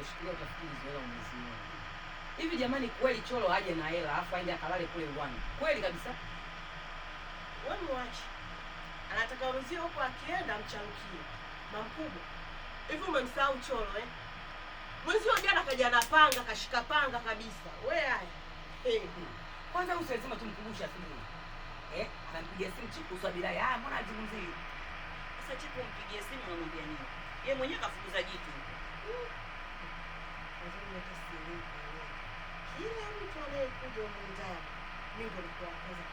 kushikilia utafikiri hizo hela Hivi jamani, kweli Cholo aje na hela afu aende akalale kule uwani? Kweli kabisa. Wewe mwache. Anataka waruzie huko akienda mchangukie. Mamkubwa. Hivi umemsahau Cholo eh? Mwezi wa jana kaja na panga, kashika panga kabisa. Wewe haya. Hey. Kwanza huyu lazima tumkumbushe asubuhi. Eh? Anampigia simu Chiku usabila ya mbona azungumzie? Sasa Chiku mpigie simu namwambia nini? Yeye mwenyewe kafukuza jitu. Mm lazima nikasilii mwenyewe. Kila mtu anayekuja huko mimi nilikuwa kwanza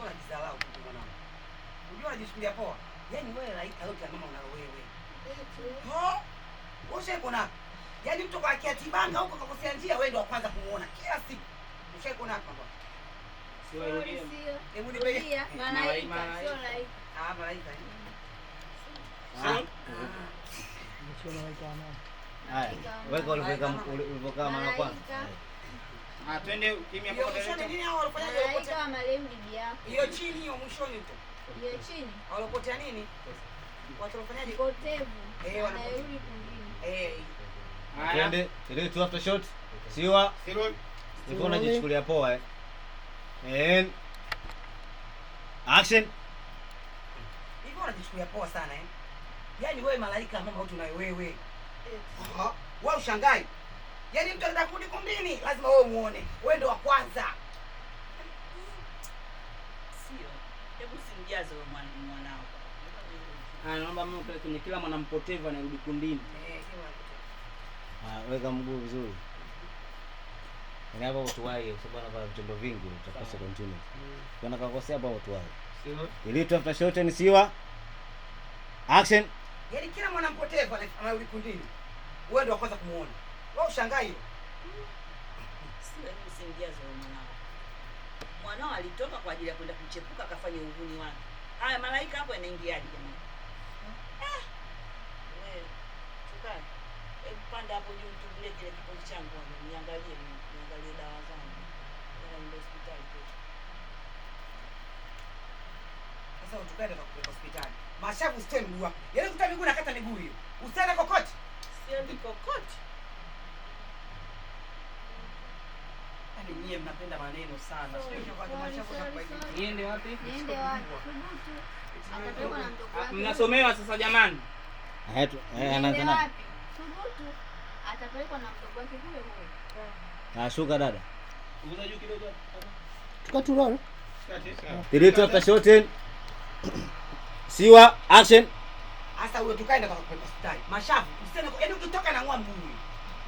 kwa kizalau kwa mwanangu. Unajua anajichukulia poa. Yaani wewe laika yote mama unalo wewe. Ho! Wewe kuna yaani mtu kwa kiatibanga huko kakosea njia wewe ndo wa kwanza kumuona kila siku. Ushaiko kuna hapa bwana. Sio sio. Hebu nipe. Malaika sio laika. Ah, malaika. Sio. Weka ulivyokaa mara ya kwanza. Ah, twende kimya kwa nini? Nini hao walifanya hiyo potea? Kama marehemu bibi yako. Hiyo chini hiyo mwishoni tu. Hiyo chini. Walipotea nini? Watu wanafanyaje? Potevu. Eh, wanarudi kundini. Eh. Twende, ile tu after shot. Siwa. Sironi. Niko najichukulia poa eh. And action. Niko najichukulia poa sana eh. Yaani wewe malaika ambao watu na wewe. Aha. Wewe ushangai. Yaani mtu anataka kurudi kumbini, lazima wewe muone. Wewe ndo wa kwanza. Sio. Hebu simjaze wewe mwanao. Ah, naomba mimi pale kwenye kila mwanampotevu anarudi kumbini. Eh, hiyo. Ah, weka mguu vizuri. Ni yaani hapo wao kwa sababu anafanya vitendo vingi utakosa continue. Mm. Kuna kakosea hapo wao. Sio. Ili tu after shot ni siwa. Action. Yaani kila mwana mpotevu anarudi kundini, wewe ndio kwanza kumuona. Wewe ushangai hiyo. Sio mimi simjazo mwanao. Mwanao alitoka kwa ajili ya kwenda kuchepuka akafanya uhuni wake. Haya malaika hapo yanaingiaje jamani? Hmm. Eh. Wewe tukae. Hebu panda hapo juu kile changu Niangalie mimi, niangalie dawa zangu. Ndio hospitali kwetu sawa, tukaenda tukakupeleka hospitali. Mashavu usitoe mguu wako. Yale yaani kuta miguu na kata miguu hiyo. Usiende kokote. Siendi kokote. Yaani nyie mnapenda maneno sana. Niende wapi? Niende wapi? Mnasomewa sasa jamani. Eh, anaanza nani? Thubutu atapelekwa na mdogo wake huyo huyo. Ah, shuka dada. Unguza kidogo. Tukatulala. Direct after shorten. Siwa action. Sasa wewe tukaenda kwa kwenda hospitali. Mashavu, usiende kwa yaani ukitoka na ngua huyu.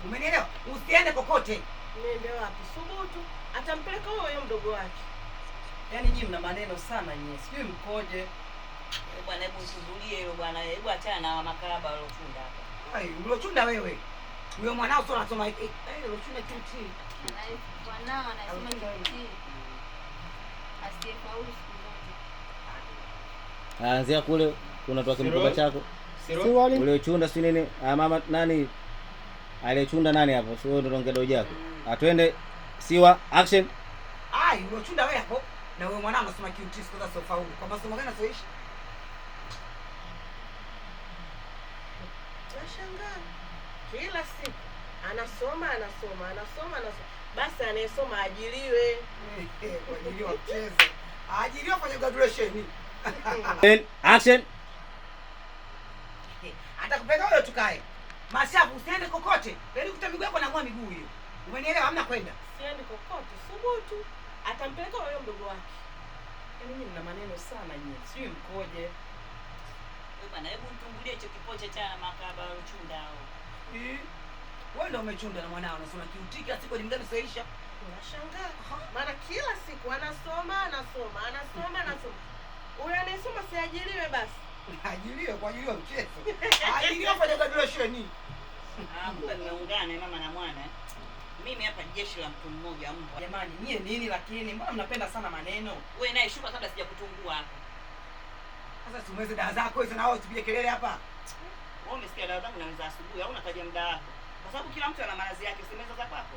Umenielewa? Usiende kokote. Niende wapi? Subutu atampeleka huyo huyo mdogo wake. Yaani nyinyi mna maneno sana nyinyi. Sijui mkoje. Eh, bwana hebu usuzulie hilo bwana. Hebu achana na makaraba waliochunda hapa. Hai, uliochunda wewe. Huyo mwanao sio anasoma hivi. Hai, eh, uliochunda tu tu. Mwanao anasoma hivi. Asiye Asiyefaulu anzia kule unatoa kimkoba chako siwali ule uliochunda si nini, ah, mama nani aliyechunda nani hapo, si wewe ndio ongea doja yako. Mm. Atwende ah, siwa action. Ai, ule ulochunda wewe hapo na wewe mwanangu, soma kiuti siku za sofa huko. Kwa masomo gani unasoishi? Nashangaa. Kila siku anasoma anasoma anasoma anasoma. Basi anayesoma ajiliwe. Ajiliwe mchezo. Ajiliwe fanya graduation. Action. Atakupeleka wewe tukae. Masafu usiende kokote. Yaani kuta miguu yako naamua miguu hiyo. Umenielewa? Hamna kwenda. Siendi kokote. Subutu. Atampeleka wewe mdogo wake. Yaani mimi nina maneno sana nyinyi. Sijui mkoje. Baba na hebu mtungulie hicho kipocha cha makaba uchunda hao. Eh. Wewe ndio umechunda na mwanao unasoma kiutika siku ni mgani saisha? Unashangaa. Mara kila siku anasoma, anasoma, anasoma, anasoma. Siajiliwe basi. Ajiliwe kwa ajili ya mchezo. Ajiliwe fanya kazi ya shule nini? Ah, mama na mwana. Mimi hapa jeshi la mtu mmoja mbwa. Jamani, nyie nini lakini mbona mnapenda sana maneno? Wewe naye shuka kabla sijakutungua hapa. Sasa tumweze dawa zako hizo na wao tupige kelele hapa. Wewe umesikia dawa zangu naanza asubuhi au unataja muda wako? Kwa sababu kila mtu ana maradhi yake, usemeza za kwako.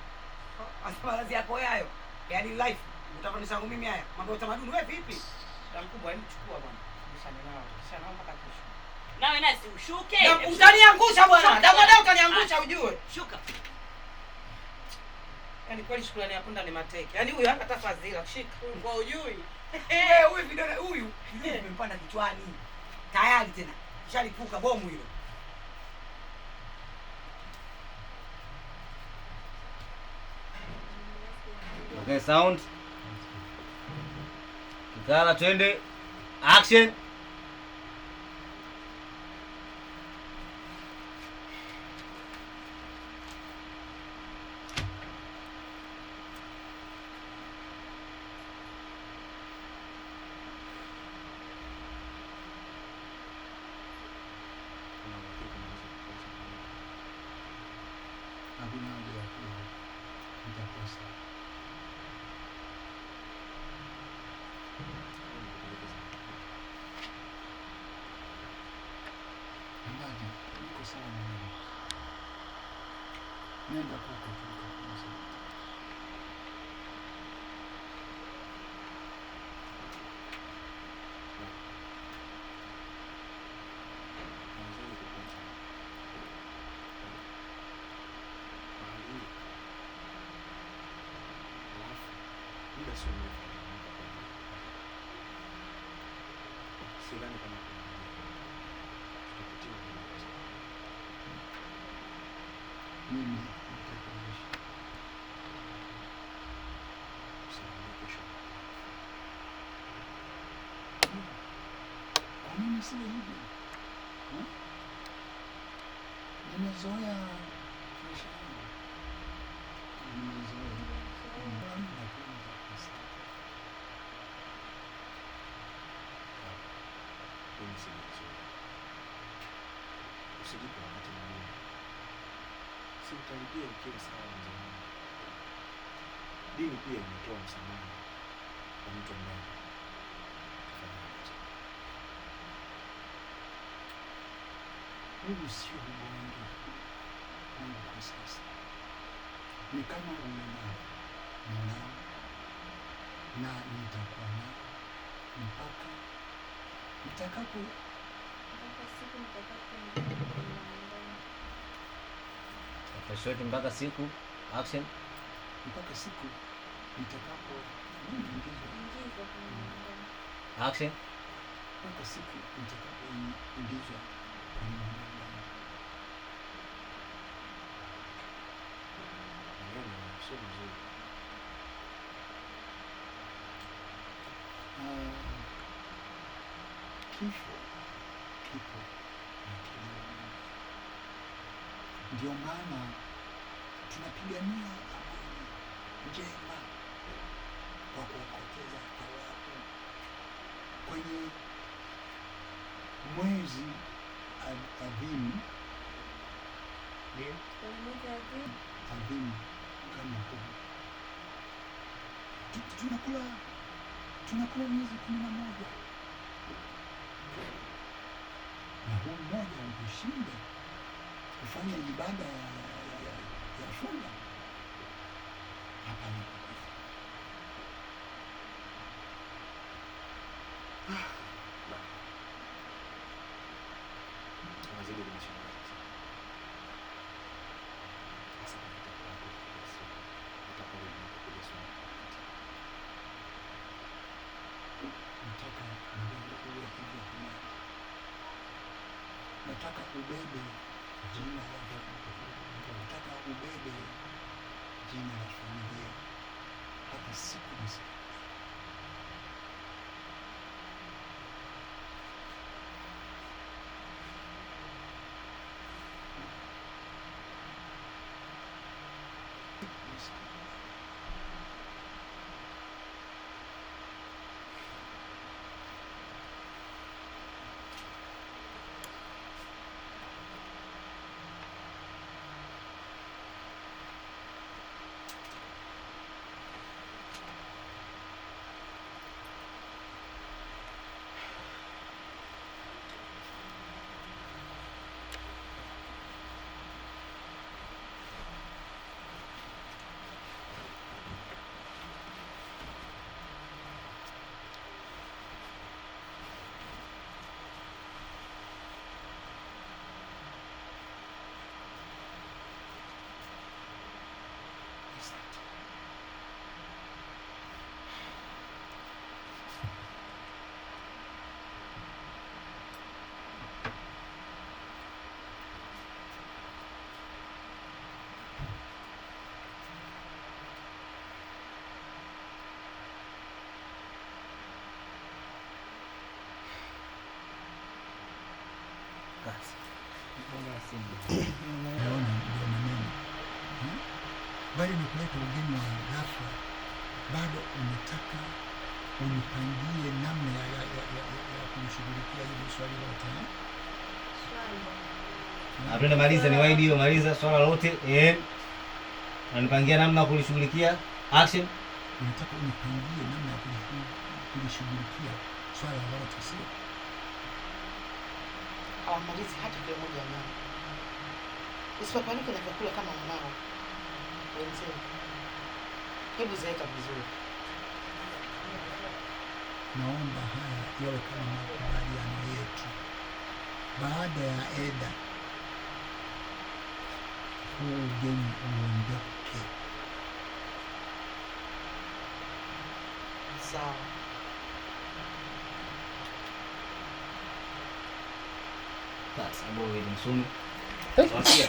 Asa maradhi yako hayo. Yaani life. Utakonishangu mimi haya. Mambo ya utamaduni wewe vipi? Mkubwa, hebu chukua bwana. Nawe nazi ushuke. Utaniangusha bwana. Damu utaniangusha ah, ujue. Shuka. Yaani kweli shukrani ya punda ni mateke. Yaani huyu hata fadhila kushika. Kwa ujui. Eh, huyu vidole huyu umempanda eh. kichwani. Tayari tena. Shalipuka bomu hilo. Okay, sound. Kikala twende. Action! しいのに麺が濃くて面白い。知ら a か mimi sile hivyo, nimezoea maisha ukiwa sawa Dini pia imetoa msamaha kwa mtu ambaye Mimi sio mgonjwa Mungu kwa sasa, ni kama umenao ninao na nitakuwa nao mpaka nitakapo shoti mpaka siku action mpaka siku nitakapo action mpaka siku nitakapoingizwa kwenye sio vizuri. Uh, ndio maana tunapigania amani njema kwa kuwapoteza watu kwenye mwezi adhimu adhimu kama huu. Tunakula tunakula miezi kumi na moja na huu mmoja ukushinda kufanya ibada ya funga hapana. nataka nataka ubebe jina la nataka ubebe jina la familia hata siku nzima. basi bali ni kuleta ugeni wa ghafla, bado unataka unipangie namna ya, ya, ya, ya, ya kumshughulikia hili swali lote. Eh? Napenda maliza ni waidi hiyo, maliza swala lote eh, unanipangia namna ya kulishughulikia action. Unataka unipangie namna ya kulishughulikia swala lote, sio? hawamalizi hata kilo moja ya nyama. Usipapanike na vyakula kama mwanao wenzenu, hebu zaeka vizuri. Naomba haya yawe kama makubaliano yetu. Baada ya Eda, huu ugeni uondoke. Sawa. That's I've already done soon. Thank you.